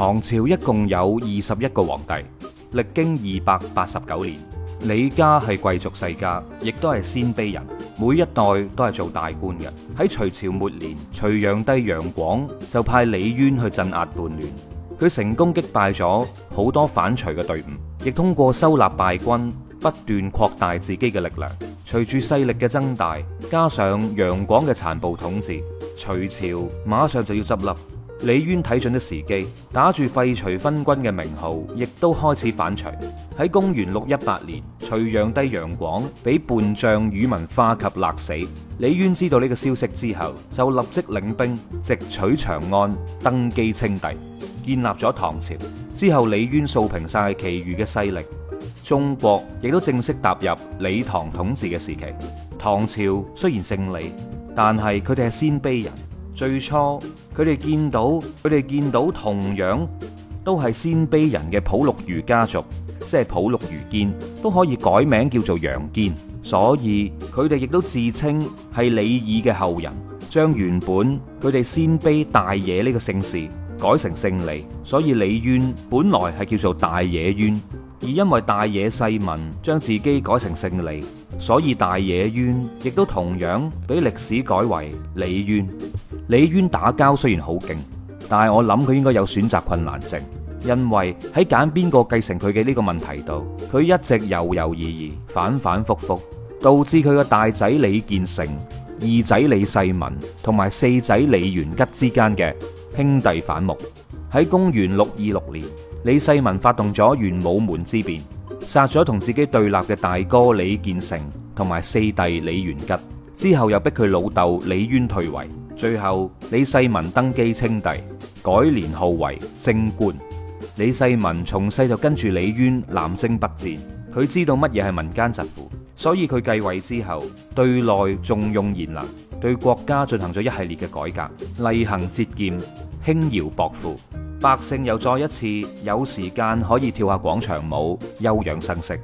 唐朝一共有二十一個皇帝，歷經二百八十九年。李家係貴族世家，亦都係鮮卑人，每一代都係做大官嘅。喺隋朝末年，隋煬帝楊廣就派李淵去鎮壓叛亂，佢成功擊敗咗好多反隋嘅隊伍，亦通過收納敗軍，不斷擴大自己嘅力量。隨住勢力嘅增大，加上楊廣嘅殘暴統治，隋朝馬上就要執笠。李淵睇準啲時機，打住廢除昏君嘅名號，亦都開始反隋。喺公元六一八年，隋煬帝楊廣俾叛將宇文化及勒死。李淵知道呢個消息之後，就立即領兵直取長安，登基稱帝，建立咗唐朝。之後，李淵掃平晒其餘嘅勢力，中國亦都正式踏入李唐統治嘅時期。唐朝雖然姓李，但係佢哋係鮮卑人。最初佢哋見到佢哋見到同樣都係鮮卑人嘅普六茹家族，即係普六茹堅都可以改名叫做楊堅，所以佢哋亦都自稱係李耳嘅後人，將原本佢哋鮮卑大野呢個姓氏改成姓李，所以李淵本來係叫做大野淵，而因為大野世民將自己改成姓李，所以大野淵亦都同樣俾歷史改為李淵。李淵打交雖然好勁，但係我諗佢應該有選擇困難症，因為喺揀邊個繼承佢嘅呢個問題度，佢一直猶猶疑疑，反反复复，導致佢嘅大仔李建成、二仔李世民同埋四仔李元吉之間嘅兄弟反目。喺公元六二六年，李世民發動咗玄武門之變，殺咗同自己對立嘅大哥李建成同埋四弟李元吉，之後又逼佢老豆李淵退位。最後，李世民登基稱帝，改年號為貞觀。李世民從細就跟住李淵南征北戰，佢知道乜嘢係民間疾苦，所以佢繼位之後，對內重用賢能，對國家進行咗一系列嘅改革，厲行節儉，輕徭薄賦，百姓又再一次有時間可以跳下廣場舞，休養生息。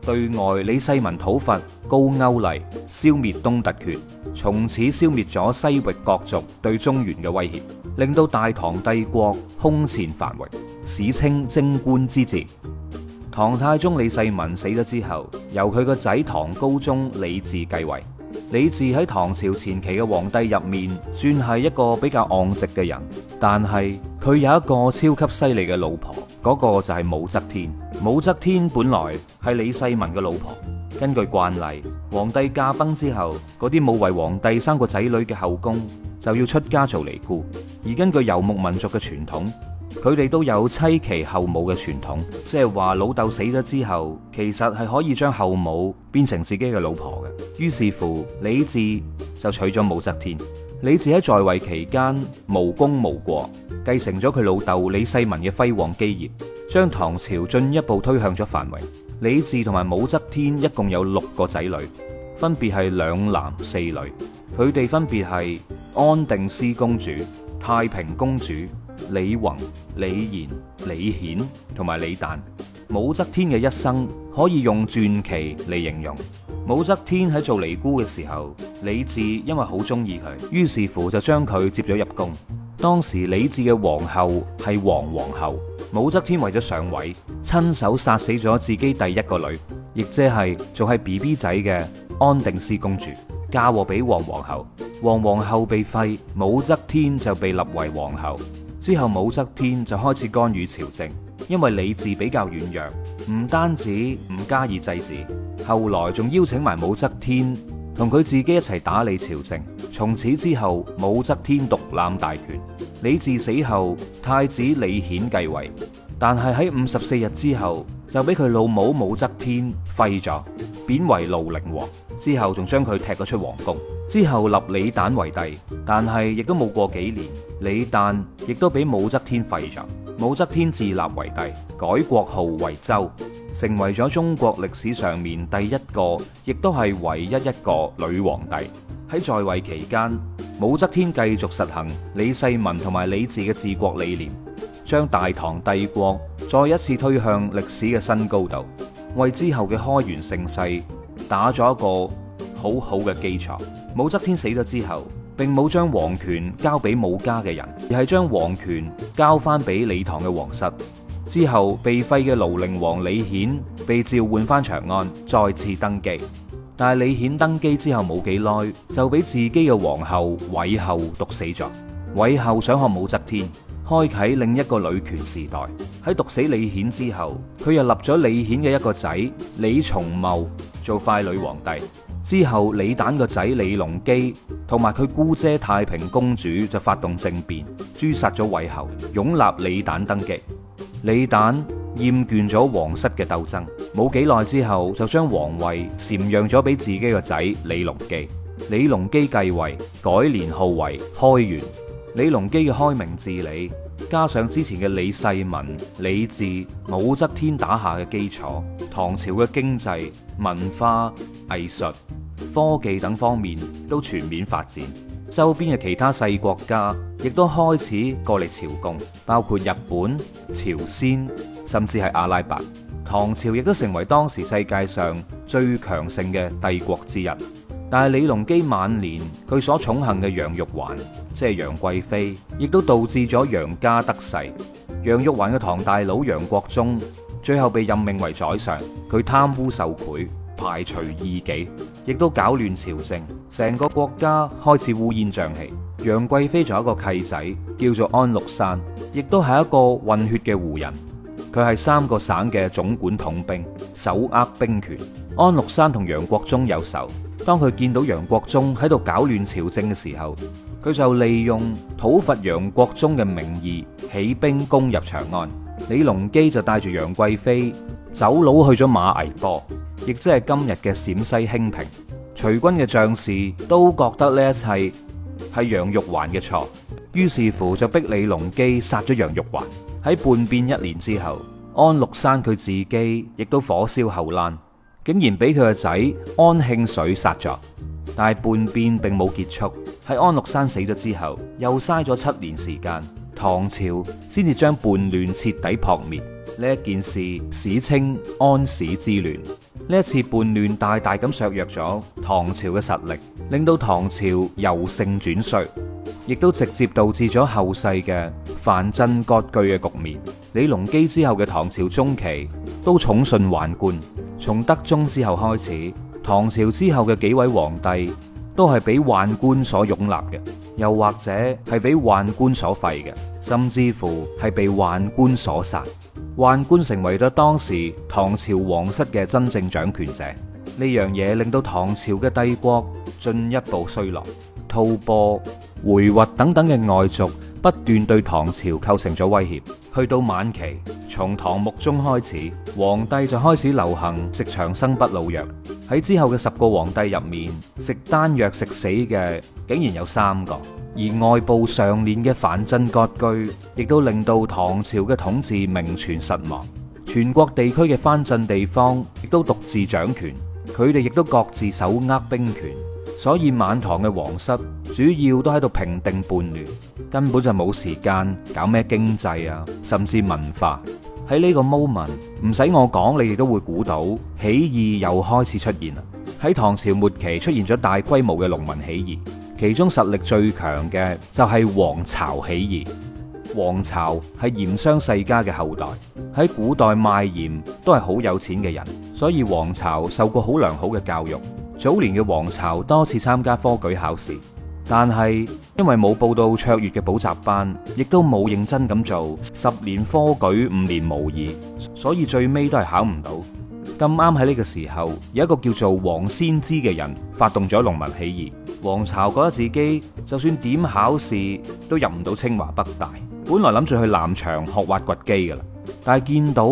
對外，李世民討伐。高歐麗，消滅東突厥，從此消滅咗西域各族對中原嘅威脅，令到大唐帝國空前繁榮，史稱貞觀之治。唐太宗李世民死咗之後，由佢個仔唐高宗李治繼位。李治喺唐朝前期嘅皇帝入面，算係一個比較戇直嘅人，但係佢有一個超級犀利嘅老婆，嗰、嗰個就係武則天。武則天本來係李世民嘅老婆。根據慣例，皇帝駕崩之後，嗰啲冇為皇帝生過仔女嘅後宮就要出家做尼姑。而根據游牧民族嘅傳統，佢哋都有妻其後母嘅傳統，即係話老豆死咗之後，其實係可以將後母變成自己嘅老婆嘅。於是乎，李治就娶咗武則天。李治喺在，在位期間無功無過，繼承咗佢老豆李世民嘅輝煌基業，將唐朝進一步推向咗繁榮。李治同埋武則天一共有六個仔女，分別係兩男四女。佢哋分別係安定思公主、太平公主、李弘、李賢、李顯同埋李旦。武則天嘅一生可以用傳奇嚟形容。武則天喺做尼姑嘅時候，李治因為好中意佢，於是乎就將佢接咗入宮。當時李治嘅皇后係王皇后。武則天為咗上位，親手殺死咗自己第一個女，亦即係仲係 BB 仔嘅安定思公主，嫁禍俾王皇后。王皇、皇后被廢，武則天就被立為皇后。之後武則天就開始干預朝政，因為李治比較軟弱，唔單止唔加以制止，後來仲邀請埋武則天。同佢自己一齊打理朝政，從此之後武則天獨攬大權。李治死後，太子李顯繼位，但係喺五十四日之後就俾佢老母武則天廢咗，貶為廬陵王。之後仲將佢踢咗出皇宮。之後立李旦為帝，但係亦都冇過幾年，李旦亦都俾武則天廢咗。武則天自立為帝，改國號為周。成為咗中國歷史上面第一個，亦都係唯一一個女皇帝。喺在，在位期間，武則天繼續實行李世民同埋李治嘅治國理念，將大唐帝國再一次推向歷史嘅新高度，為之後嘅開元盛世打咗一個好好嘅基礎。武則天死咗之後，並冇將皇權交俾武家嘅人，而係將皇權交翻俾李唐嘅皇室。之後被廢嘅廬陵王李顯被召喚翻長安，再次登基。但係李顯登基之後冇幾耐，就俾自己嘅皇后韋后毒死咗。韋后想學武則天，開啟另一個女權時代。喺毒死李顯之後，佢又立咗李顯嘅一個仔李重茂做傀儡皇帝。之後李旦個仔李隆基同埋佢姑姐太平公主就發動政變，誅殺咗韋后，擁立李旦登基。李旦厭倦咗皇室嘅鬥爭，冇幾耐之後就將皇位禪讓咗俾自己個仔李隆基。李隆基繼位，改年號為開元。李隆基嘅開明治理，加上之前嘅李世民、李治、武則天打下嘅基礎，唐朝嘅經濟、文化、藝術、科技等方面都全面發展，周邊嘅其他細國家亦都開始過嚟朝貢，包括日本、朝鮮，甚至係阿拉伯。唐朝亦都成為當時世界上最強盛嘅帝國之一。但係李隆基晚年，佢所寵幸嘅楊玉環，即係楊貴妃，亦都導致咗楊家得勢。楊玉環嘅堂大佬楊國忠，最後被任命為宰相，佢貪污受賄，排除異己，亦都搞亂朝政，成個國家開始烏煙瘴氣。楊貴妃仲有一個契仔叫做安祿山，亦都係一個混血嘅胡人。佢係三個省嘅總管統兵，手握兵權。安祿山同楊國忠有仇，當佢見到楊國忠喺度搞亂朝政嘅時候，佢就利用討伐楊國忠嘅名義起兵攻入長安。李隆基就帶住楊貴妃。走佬去咗馬嵬坡，亦即係今日嘅陝西興平。隨軍嘅將士都覺得呢一切係楊玉環嘅錯，於是乎就逼李隆基殺咗楊玉環。喺叛變一年之後，安祿山佢自己亦都火燒後爛，竟然俾佢個仔安慶緒殺咗。但係叛變並冇結束，喺安祿山死咗之後，又嘥咗七年時間，唐朝先至將叛亂徹底撲滅。呢一件事史稱安史之亂。呢一次叛亂大大咁削弱咗唐朝嘅實力，令到唐朝由盛轉衰，亦都直接導致咗後世嘅藩鎮割據嘅局面。李隆基之後嘅唐朝中期都寵信宦官，從德宗之後開始，唐朝之後嘅幾位皇帝都係俾宦官所擁立嘅，又或者係俾宦官所廢嘅，甚至乎係被宦官所殺。宦官成為咗當時唐朝皇室嘅真正掌權者，呢樣嘢令到唐朝嘅帝國進一步衰落。吐蕃、回鶻等等嘅外族不斷對唐朝構成咗威脅。去到晚期，從唐穆宗開始，皇帝就開始流行食長生不老藥。喺之後嘅十個皇帝入面，食丹藥食死嘅竟然有三個。而外部上年嘅藩鎮割據，亦都令到唐朝嘅統治名存實亡。全國地區嘅藩鎮地方亦都獨自掌權，佢哋亦都各自手握兵權，所以晚唐嘅皇室主要都喺度平定叛亂，根本就冇時間搞咩經濟啊，甚至文化。喺呢個 moment，唔使我講，你哋都會估到起義又開始出現啦。喺唐朝末期出現咗大規模嘅農民起義。其中實力最強嘅就係黃巢起義。黃巢係鹽商世家嘅後代，喺古代賣鹽都係好有錢嘅人，所以黃巢受過好良好嘅教育。早年嘅黃巢多次參加科舉考試，但係因為冇報到卓越嘅補習班，亦都冇認真咁做，十年科舉五年模擬，所以最尾都係考唔到。咁啱喺呢個時候，有一個叫做王仙芝嘅人發動咗農民起義。黃巢覺得自己就算點考試都入唔到清華北大，本來諗住去南翔學挖掘機噶啦，但係見到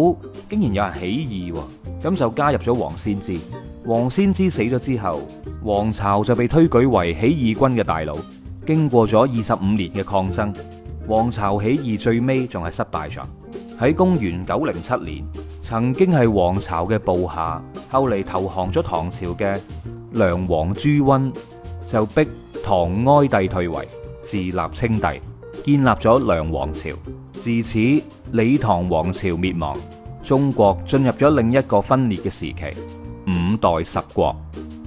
竟然有人起義，咁就加入咗王仙芝。王仙芝死咗之後，黃巢就被推舉為起義軍嘅大佬。經過咗二十五年嘅抗爭，黃巢起義最尾仲係失敗咗。喺公元九零七年，曾經係黃巢嘅部下，後嚟投降咗唐朝嘅梁王朱温，就逼唐哀帝退位，自立稱帝，建立咗梁王朝。自此，李唐王朝滅亡，中國進入咗另一個分裂嘅時期——五代十國。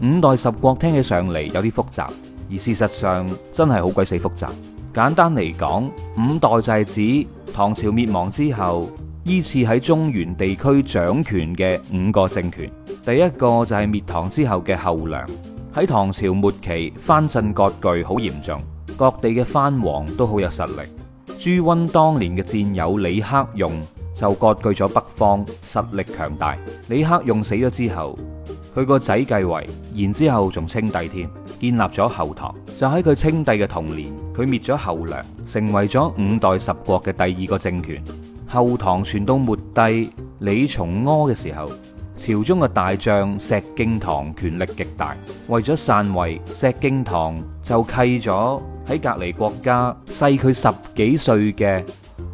五代十國聽起上嚟有啲複雜，而事實上真係好鬼死複雜。簡單嚟講，五代就係指唐朝滅亡之後，依次喺中原地區掌權嘅五個政權。第一個就係滅唐之後嘅後梁。喺唐朝末期，藩鎮割據好嚴重，各地嘅藩王都好有實力。朱温當年嘅戰友李克用就割據咗北方，實力強大。李克用死咗之後，佢個仔繼位，然之後仲稱帝添，建立咗後唐。就喺佢稱帝嘅同年，佢滅咗後梁，成為咗五代十國嘅第二個政權。後唐傳到末帝李從珂嘅時候，朝中嘅大將石敬瑭權力極大，為咗篡位，石敬瑭就契咗喺隔離國家細佢十幾歲嘅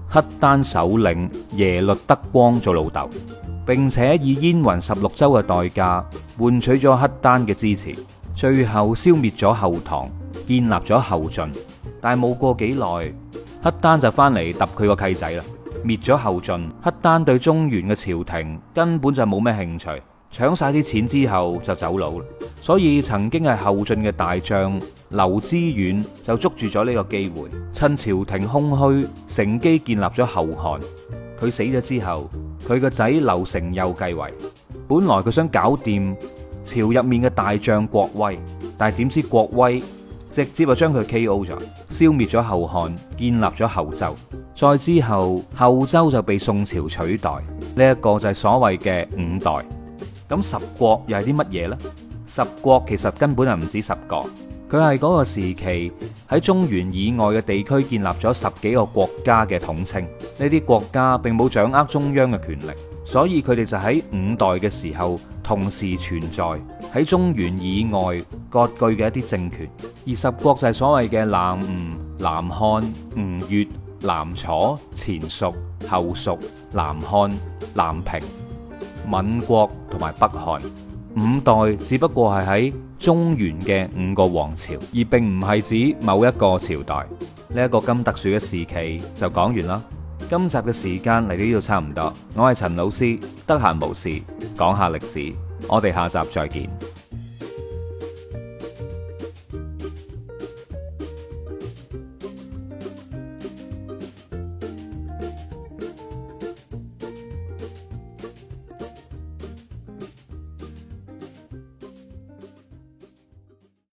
黑丹首領耶律德光做老豆，並且以燕雲十六州嘅代價換取咗黑丹嘅支持，最後消滅咗後唐，建立咗後晉。但係冇過幾耐，黑丹就翻嚟揼佢個契仔啦。滅咗後晉，黑丹對中原嘅朝廷根本就冇咩興趣，搶晒啲錢之後就走佬。所以曾經係後晉嘅大將劉知遠就捉住咗呢個機會，趁朝廷空虛，乘機建立咗後漢。佢死咗之後，佢個仔劉承又繼位。本來佢想搞掂朝入面嘅大將郭威，但係點知郭威直接就將佢 K.O. 咗，消滅咗後漢，建立咗後周。再之後，後周就被宋朝取代。呢一個就係所謂嘅五代。咁十國又係啲乜嘢呢？十國其實根本就唔止十國，佢係嗰個時期喺中原以外嘅地區建立咗十幾個國家嘅統稱。呢啲國家並冇掌握中央嘅權力，所以佢哋就喺五代嘅時候同時存在喺中原以外割據嘅一啲政權。而十國就係所謂嘅南吳、南漢、吳越、南楚、前蜀、後蜀、南漢、南平、閩國同埋北漢。五代，只不過係喺中原嘅五個王朝，而並唔係指某一個朝代，呢一個咁特殊嘅時期就講完啦。今集嘅時間嚟到呢度差唔多，我係陳老師，得閒無事講下歷史，我哋下集再見。